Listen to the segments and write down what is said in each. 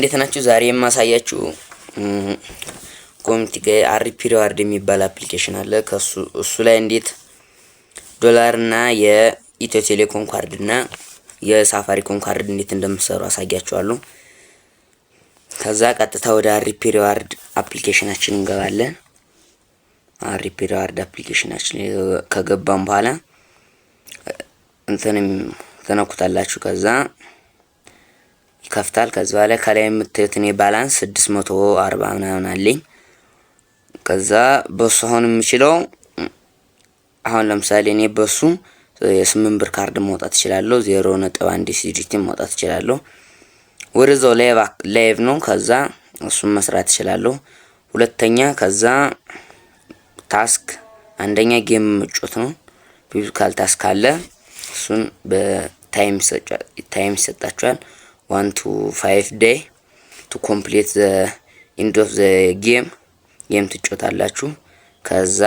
እንዴት ናችሁ? ዛሬ የማሳያችሁ ኮሚኒቲ ጋር አሪፒ ሪዋርድ የሚባል አፕሊኬሽን አለ። ከሱ እሱ ላይ እንዴት ዶላርና የኢትዮ ቴሌኮም ካርድና የሳፋሪኮም ካርድ እንዴት እንደምትሰሩ አሳያችኋለሁ። ከዛ ቀጥታ ወደ አሪፒ ሪዋርድ አፕሊኬሽናችን እንገባለን። አሪፒ ሪዋርድ አፕሊኬሽናችን ከገባም በኋላ እንትን ትነኩታላችሁ ከዛ ይከፍታል። ከዚ በኋላ ከላይ የምታዩት እኔ ባላንስ 640 መቶ አርባ ምናምን አለኝ። ከዛ በሱ አሁን የምችለው አሁን ለምሳሌ እኔ በሱ የስምንት ብር ካርድ ማውጣት እችላለሁ። ዜሮ ነጥብ አንድ ሲዲቲ ማውጣት እችላለሁ። ወደዛው ላይቭ ነው። ከዛ እሱን መስራት እችላለሁ። ሁለተኛ ከዛ ታስክ አንደኛ ጌም ምጮት ነው። ፊዚካል ታስክ አለ። እሱን በታይም ይሰጣችኋል። ዋን to five day to complete the end of the game game ትጮታላችሁ። ከዛ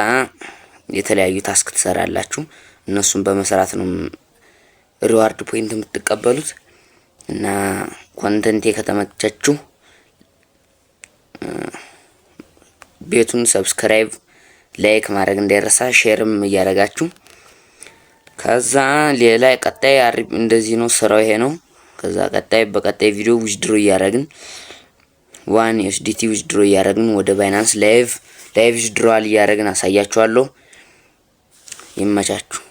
የተለያዩ ታስክ ትሰራላችሁ። እነሱን በመስራት ነው ሪዋርድ ፖይንት የምትቀበሉት። እና ኮንተንቴ ከተመቻችሁ ቤቱን ሰብስክራይብ፣ ላይክ ማድረግ እንዳይረሳ፣ ሼርም እያደረጋችሁ ከዛ ሌላ ቀጣይ እንደዚህ ነው ስራው ይሄ ነው። ከዛ ቀጣይ በቀጣይ ቪዲዮ ዊዝድሮ እያደረግን ዋን ዩኤስዲቲ ዊዝድሮ እያደረግን ወደ ባይናንስ ላይቭ ላይቭ ዊዝድሮዋል እያደረግን አሳያችኋለሁ። ይመቻችሁ።